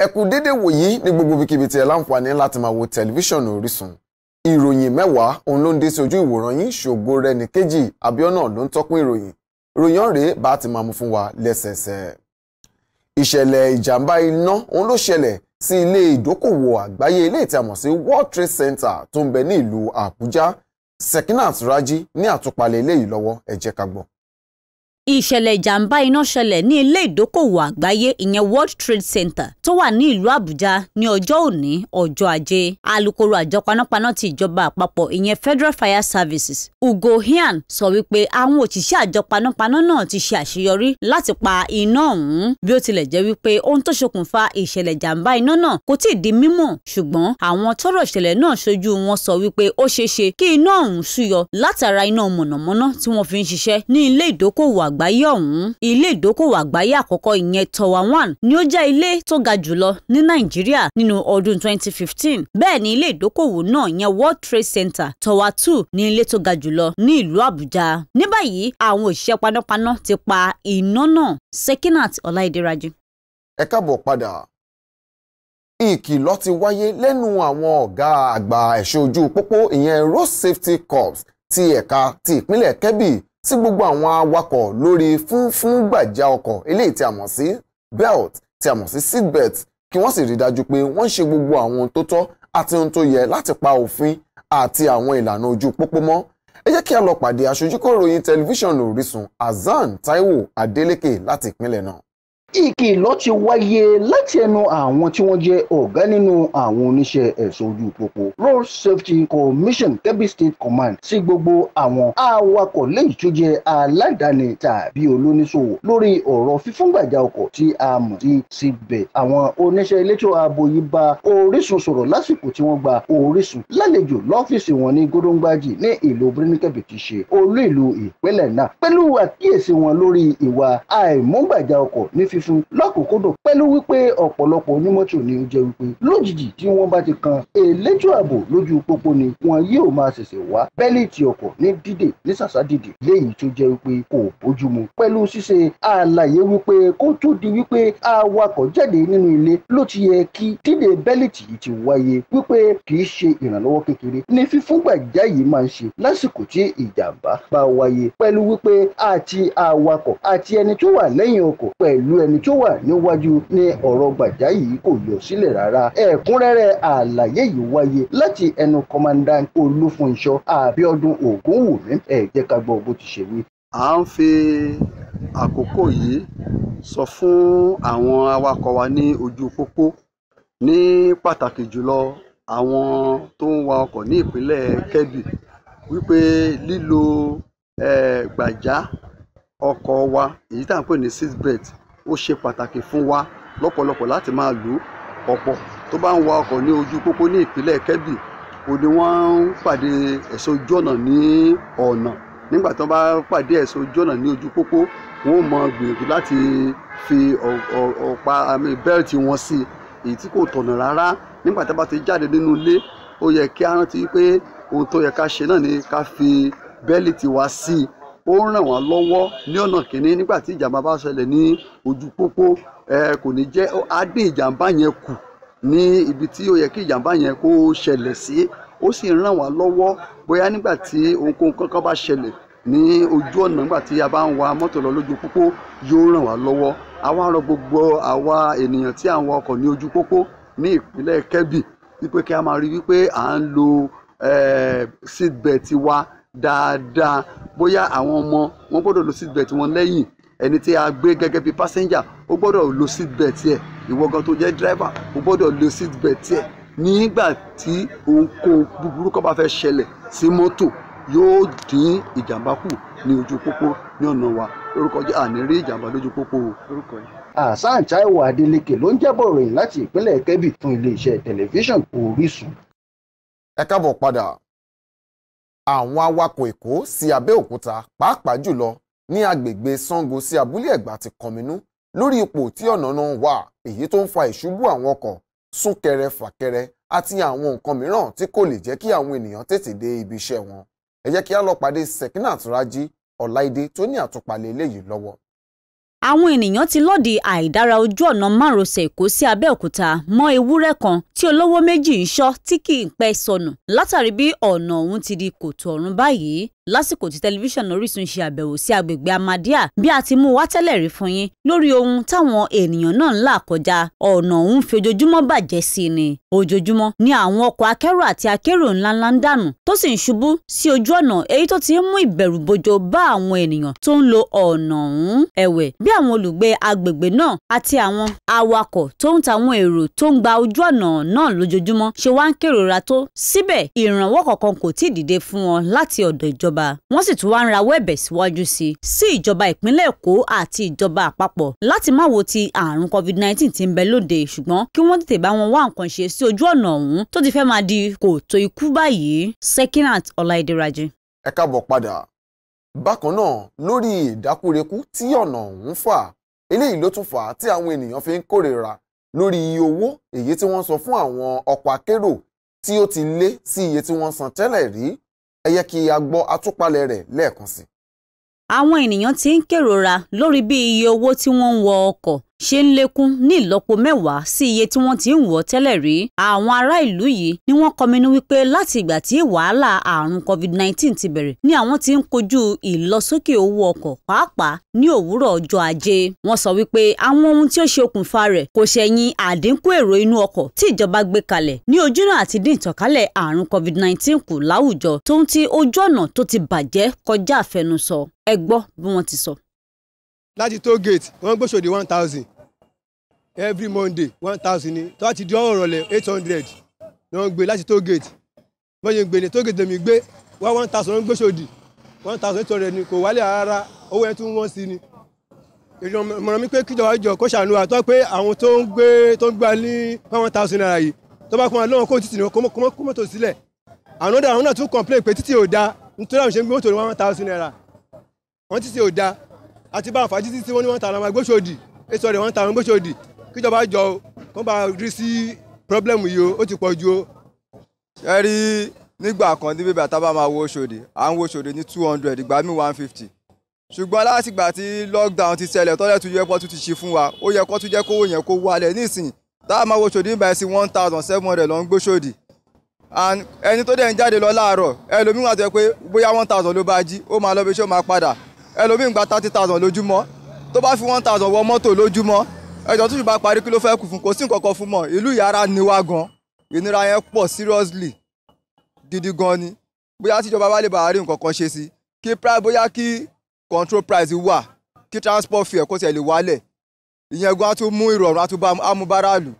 ẹ kú dédé wòyí ní gbogbo ibikíbi tí ẹ láǹfààní láti máa wo tẹlifíṣàn Orísun ìròyìn mẹ́wàá òun ló ń dé sí ojú ìwòran yín ṣògo rẹ ní kejì Abíọ́nà ló ń tọ́kùn ìròyìn ròyìn ọ̀rẹ́ bá ti máa mú fún wa lẹ́sẹẹsẹ. ìṣẹ̀lẹ̀ ìjàmbá iná òun ló ṣẹlẹ̀ sí ilé ìdókòwò àgbáyé ilé tí a sí World Trade Center tó ń bẹ ní ìlú Àbújá Sekinat Raji ní àtúpalẹ̀ eléyìí lọ́wọ́ ẹ jẹ́ ìṣẹ̀lẹ̀ ìjàmbá iná ṣẹlẹ̀ ní ilé ìdókòwò àgbáyé ìyẹn World Trade Center tó wà ní ìlú Àbújá ní ọjọ́ òní ọjọ́ ajé alukoro àjọ panápaná ti ìjọba àpapọ̀ ìyẹn Federal Fire Services Ugo Hian sọ wípé àwọn òṣìṣẹ́ àjọ panápaná náà ti ṣe àṣeyọrí láti pa iná ọ̀hún bí ó tilẹ̀ jẹ́ wípé ohun tó ṣokùnfà ìṣẹ̀lẹ̀ ìjàmbá iná náà kò tíì di mímọ̀ ṣùgbọ́n àwọn tọ́rọ̀ ìṣẹ̀lẹ̀ náà ṣojú wọn sọ wípé ó ṣeéṣe kí àgbáyé ọ̀hún ilé ìdókòwò àgbáyé àkọ́kọ́ ìyẹn tower one ni ó jẹ́ ilé tó ga jùlọ ní nàìjíríà nínú ọdún 2015 bẹ́ẹ̀ ni ilé ìdókòwò náà yẹn world trade center tower two ni ilé tó ga jùlọ ní ìlú àbújá ní báyìí àwọn òṣìṣẹ́ panápaná ti pa iná náà sekinat ọláìdíraji. ẹ káàbọ̀ padà ìkìlọ̀ ti wáyé lẹ́nu àwọn ọ̀gá àgbà ẹ̀ṣọ́ ojú pópó ìyẹn road safety corps ti ẹ̀ka ti ìpínlẹ̀ kẹ́bì sí gbogbo àwọn awakọ̀ lórí fúnfún gbàjà ọkọ̀ eléyìí tí a mọ̀ sí belt tí a mọ̀ sí seat belt kí wọ́n sì rí dájú pé wọ́n ṣe gbogbo àwọn ohun tó tọ́ àti ohun tó yẹ láti pa òfin àti àwọn ìlànà ojú pópó mọ́ ẹ jẹ́ kí a lọ pàdé aṣojúkọ̀ròyìn tẹlifíṣàn Orísun Hasan Taiwo Adeleke láti ìpínlẹ̀ náà ìkìlọ̀ ti wáyé láti ẹnu àwọn tí wọ́n jẹ́ ọ̀gá nínú àwọn oníṣẹ́ ẹ̀ṣọ́ ojú pópó road safety commission kebbi state command sí gbogbo àwọn awakọ̀ lẹ́yìn tó jẹ́ aládàáni tàbí olóníṣòwò lórí ọ̀rọ̀ fífúngbàjà ọkọ̀ tí a mọ̀ sí seatbelt àwọn oníṣẹ́ elétò ààbò yìí bá orísun sọ̀rọ̀ lásìkò tí wọ́n gba orísun lálejò lọ́fíìsì wọn ní gódóńgbàjì ní ìlú birnikẹ́bì ti ṣe olú ìlú ìpínlẹ̀ náà pẹ̀lú àkíyèsí wọn lórí ìwà àìmúgbàjà ọkọ̀ ní fíf ṣoṣo lọ́kùnkúndùn pẹ̀lú wípé ọ̀pọ̀lọpọ̀ onímọ́tò ni ó jẹ́ wípé lójijì tí wọ́n bá ti kan elétò ààbò lójú pópó ni wọn yóò máa ṣẹ̀ṣẹ̀ wá bẹ́líìtì ọkọ̀ ní dídè ní sàṣà dídè léyìí tó jẹ́ wípé kò bójúmu pẹ̀lú ṣíṣe àlàyé wípé kó tó di wípé awakọ̀ jáde nínú ilé ló ti yẹ kí dídè bẹ́líìtì yìí ti wáyé wípé kì í ṣe ìrànlọ́wọ́ kékeré ni fífúngbà já yìí máa ń ṣe lásìkò tí ìjàmbá bá wáyé pẹ̀lú wípé àti awakọ̀ àti ẹni tó wà lẹ́yìn ọkọ̀ pẹ̀lú ẹni ẹni tó wà níwájú ni ọ̀rọ̀ gbàjá yìí kò yọ sílẹ̀ rárá ẹ̀kúnrẹ́rẹ́ àlàyé yìí wáyé láti ẹnu kọmandan olúfunṣọ àbíọ́dún ògúnwùmí ẹ jẹ́ ká gbọ́ bó ti ṣe wí. à ń fi àkókò yìí sọ fún àwọn awakọ̀ wa ní ojú pópó ní pàtàkì jùlọ àwọn tó ń wa ọkọ̀ ní ìpínlẹ̀ Kebbi wípé lílo gbàjá ọkọ̀ wa èyí tá à ń pè ní seat belt ó ṣe pàtàkì fún wa lọ́pọ̀lọpọ̀ láti máa lò ọ̀pọ̀ tó bá ń wa ọkọ̀ ní ojú pópó ní ìpínlẹ̀ Kebbi ò ní wọ́n ń pàdé ẹ̀ṣọ́ ojú ọ̀nà ní ọ̀nà nígbà tí wọ́n bá pàdé ẹ̀ṣọ́ ojú ọ̀nà ní ojú pópó wọ́n ó mọ gbìyànjú láti fi ọ̀pá bẹ́ẹ̀tì wọn sí èyí tí kò tọ̀nà rárá nígbà tí a bá ti jáde nínú ilé ó yẹ kí a rántí pé ohun tó yẹ ká ṣe náà ni ká fi bẹ́ẹ̀lì tiwa sí i ó ràn wọ́n lọ́wọ́ ní ọ̀nà kìíní nígbà tí ìjàmbá bá ṣẹlẹ̀ ní ojú pópó kò ní jẹ́ á dín ìjàmbá yẹn kù ní ibi tí ó yẹ kí ìjàmbá yẹn kó ṣẹlẹ̀ sí ó sì ràn wá lọ́wọ́ bóyá nígbà tí ohunkóhun kankan bá ṣẹlẹ̀ ní ojú ọ̀nà nígbà tí a bá ń wa mọ́tò lọ lójú pópó yóò ràn wá lọ́wọ́ àwa rọ gbogbo àwa ènìyàn tí à ń wa ọkọ̀ ní ojú pópó ní ìpínlẹ̀ Kebbi wípé kí a máa rí wípé à ń lo seatbelt wa dáadáa bóyá àwọn ọmọ wọn gbọ́dọ̀ lo seat belt wọn lẹ́yìn ẹni tí a gbé gẹ́gẹ́ bí passenger ó gbọ́dọ̀ lo seat belt yẹ ìwọ gan tó jẹ́ driver ó gbọ́dọ̀ lo seat belt yẹ nígbà tí ohunkóhun búburú kó bá fẹ́ ṣẹlẹ̀ sí mọ́tò yóò dín ìjàmbá kù ní ojú pópó ní ọ̀nà wa lórúkọ jẹ́ àní rí ìjàmbá lójú pópó o. Hasan Taiwo Adeleke ló ń jábọ̀ ròyìn láti ìpínlẹ̀ Kebbi fún iléeṣẹ́ tẹlifíṣàn Orísun. ẹ káàbọ̀ padà àwọn awakọ̀ èkó sí abẹ́òkúta pàápàá jùlọ ní agbègbè sango sí abúlé ẹ̀gbá ti kọminú lórí ipò tí ọ̀nà náà wà èyí tó ń fa ìṣubú àwọn ọkọ̀ súnkẹrẹ fàkẹrẹ àti àwọn nǹkan mìíràn tí kò lè jẹ́ kí àwọn ènìyàn tètè dé ibi iṣẹ́ wọn ẹ jẹ́ kí á lọ pàdé sekinat raji ọláìdé tó ní àtúpalẹ̀ eléyìí lọ́wọ́ àwọn ènìyàn ti lòdì àìdára ojú ọ̀nà márosẹ̀ èkó sí abẹ́òkúta mọ́ ewúrẹ́ kan tí olówó méjì ń ṣọ́ tí kì í pẹ́ sọnù látàrí bí ọ̀nà ọ̀hún ti di kòtò ọ̀run báyìí lásìkò tí tẹlifíṣàn Orísun ṣe àbẹ̀wò sí agbègbè Amadiya bí a ti mú wá tẹ́lẹ̀ rí fún yín lórí ohun táwọn ènìyàn náà ń là kọjá ọ̀nà òun fi ojoojúmọ́ bàjẹ́ sí ni ojoojúmọ́ ni àwọn ọkọ̀ akẹ́rù àti akérò ńláńlá ń dànù tó sì ń ṣubú sí ojú ọ̀nà èyí tó ti ń mú ìbẹ̀rù bojo bá àwọn ènìyàn tó ń lo ọ̀nà ọ̀hún ẹ̀wẹ̀ bí àwọn olùgbé agbègbè náà àti àwọn awakọ̀ tó ń ta àwọn èrò tó ń gba ojú ọ̀nà náà lójoojúmọ́ ṣe wá ń kérora tó síbẹ̀ ìrànwọ́ kankan kò ìjọba wọ́n sì tún wá ń rawọ́ ẹ̀bẹ̀ síwájú sí i sí ìjọba ìpínlẹ̀ èkó àti ìjọba àpapọ̀ láti má wo ti àrùn covid-19 tí ń bẹ lóde ṣùgbọ́n kí wọ́n tètè bá wọn wá nǹkan ṣe sí ojú ọ̀nà ọ̀hún tó ti fẹ́ máa di kòtò ikú báyìí Sekinat Ọláìdéraji. ẹ káàbọ̀ padà bákan náà lórí ìdákúrekú tí ọ̀nà ọ̀hún fà eléyìí ló tún fà á tí àwọn ènìyàn fi ń kórèrà lórí iye owó èyí tí wọ́n san fún àwọn ọkọ̀ akérò tí ó ti lé sí iye tí wọ́n san tẹ́lẹ̀ rí ẹ yẹ kí a gbọ́ àtúpalẹ̀ rẹ̀ lẹ́ẹ̀kan sí. àwọn ènìyàn ti ń kérora lórí bí iye owó tí wọ́n ń wọ ọkọ̀ ṣe ń lékún ní ìlọ́po mẹ́wàá sí iye tí wọ́n ti ń wọ̀ tẹ́lẹ̀ rí. Àwọn ará ìlú yìí ni wọ́n kọminú wípé láti ìgbà tí wàhálà àrùn COVID-19 ti bẹ̀rẹ̀ ni àwọn ti ń kojú ìlọsókè owó ọkọ̀ pàápàá ní òwúrọ̀ ọjọ́ ajé. Wọ́n sọ wípé àwọn ohun tí ó ṣe okùnfà rẹ̀ kò ṣẹ̀yìn àdínkù èrò inú ọkọ̀ tí ìjọba gbé kalẹ̀ ní ojúnà àti dín ìtànkálẹ̀ àrùn COVID-19 kù láwùjọ tó ń ti ojú ọ̀nà tó ti bàjẹ́ kọjá àfẹnusọ ẹ bí wọ́n ti sọ láti toll gate wọ́n gbèsòdì one thousand every monday one thousand ni tó bá ti di ọ̀rọ̀ rọ̀lẹ́ eight hundred ni wọ́n gbé láti toll gate wọ́n yẹn gbé ní toll gate lèmi gbé wá one thousand wọ́n gbèsòdì one thousand eight hundred ni kò wálé rárá owó yẹn tún wọ́n sí ni ìmọ̀ràn mi pé kíjọba jọ kó ṣàánú wa tó pé àwọn tó ń gbé tó ń gbà ní one thousand naira yìí tó bá kún wa lọ́wọ́ kó títì ní kó mọ́tò sílẹ̀ àwọn náà tún complain pé títì ò da nítorí àwọn ṣe ń gbé mọ́tò ní one thousand naira wọ́n títì ò da àti bá àfàjì tí wọ́n ní wọ́n ta àwọn agbóṣòdì èso rẹ̀ wọ́n ta àwọn agbóṣòdì kíjọba jọ o kó bá rí sí pírọ́blẹ́mù yìí o ó ti pọ̀ ju o. ẹ rí nígbà kan níbi bàtà bá máa wo Òṣòdì à ń wo Òṣòdì ní two hundred ìgbà míì one fifty ṣùgbọ́n látìgbà tí lockdown ti ṣẹlẹ̀ tọ́lẹ̀ tún yẹ kó tún ti ṣe fún wa ó yẹ kó tún jẹ́ kówó yẹn kó wálẹ̀ nísìnyí tá a máa wo Òṣòdì nígbà sí one thousand seven hundred ló ń gbóṣòdì ẹni tó dẹ̀ ń jáde lọ láàárọ̀ ẹlòmíràn àti ẹ pé bóyá one thousand ló bá jí ó máa lọ bí iṣẹ́ ó máa padà ẹlòmíì ń gba thirty thousand lójúmọ́ tó bá fi one thousand wọ mọ́tò lójúmọ́ ẹjọ́ tó sì bá parí kí ló fẹ́ kù fún kò sí nǹkan kan fún mọ́ ìlú yàrá niwá gan ìnira yẹn pọ̀ seriously gidi gan ni bóyá tíjọba wá lè bàa rí nǹkan kan ṣe sí kí price bóyá kí control price wà kí transport fare kó tiẹ̀ lè wálẹ̀ ìyẹn gan á tún mú ìrọ̀rùn á tún bá amúbáràlù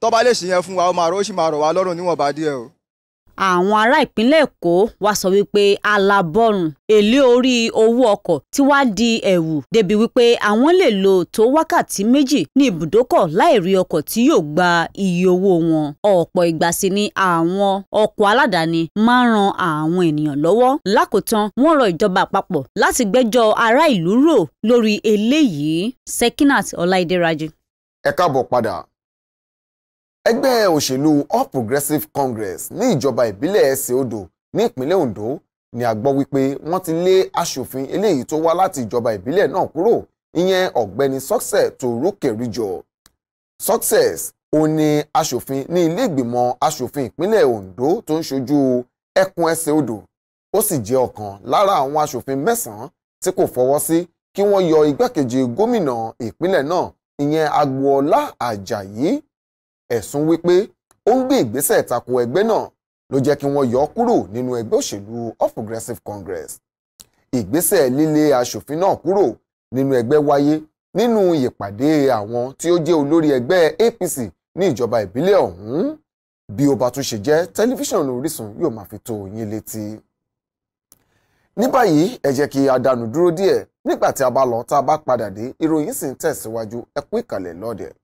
tó bá lè ṣe yẹn fún wa ó máa rọ́ ó sì máa rọ̀ wá lọ́rùn níwọ̀nba díẹ̀ o àwọn ará ìpínlẹ̀ èkó wá sọ wípé alábọ̀rùn èlé orí owó ọkọ̀ ti wá di ẹ̀wù débi wípé àwọn lè lò tó wákàtí méjì ní ibùdókọ̀ láì rí ọkọ̀ tí yóò gba iye owó wọn ọ̀pọ̀ ìgbà sì ni àwọn ọkọ̀ aládàáni máa ń ran àwọn ènìyàn lọ́wọ́ lákòótán wọ́n rọ ìjọba àpapọ̀ láti gbẹ́jọ́ ará ìlú rò lórí eléyìí Sekinat Ọláìdé ẹ káàbọ̀ padà ẹgbẹ́ òṣèlú All Progressives Congress ní ìjọba ìbílẹ̀ ẹsẹ̀ odò ní ìpínlẹ̀ Ondo ni a gbọ́ wípé wọ́n ti lé aṣòfin eléyìí tó wá láti ìjọba ìbílẹ̀ náà kúrò ìyẹn ọ̀gbẹ́ni Success Torúkèrìjọ Success ó ní aṣòfin ní ilé ìgbìmọ̀ aṣòfin ìpínlẹ̀ Ondo tó ń ṣojú ẹkùn ẹsẹ̀ odò ó sì jẹ́ ọ̀kan lára àwọn aṣòfin mẹ́sàn-án tí kò fọwọ́ sí kí wọ́n yọ igbákejì gómìnà ìpínlẹ̀ náà ìyẹn Agboola Ajayi ẹ̀sùn wípé ó ń gbé ìgbésẹ̀ tako ẹgbẹ́ náà ló jẹ́ kí wọ́n yọ ọ́ kúrò nínú ẹgbẹ́ òṣèlú All Progressives Congress ìgbésẹ̀ lílé aṣòfin náà kúrò nínú ẹgbẹ́ wáyé nínú ìpàdé àwọn tí ó jẹ́ olórí ẹgbẹ́ APC ní ìjọba ìbílẹ̀ ọ̀hún bí ó bá tún ṣe jẹ́ tẹlifíṣàn Orísun yóò máa fi tó yín létí. ní báyìí ẹ jẹ́ kí a dánu dúró díẹ̀ nígbà tí a bá lọ tá a bá padà dé ìròyìn sì ń tẹ̀síwájú ẹ ìkàlẹ̀ lọ́dẹ̀ẹ́.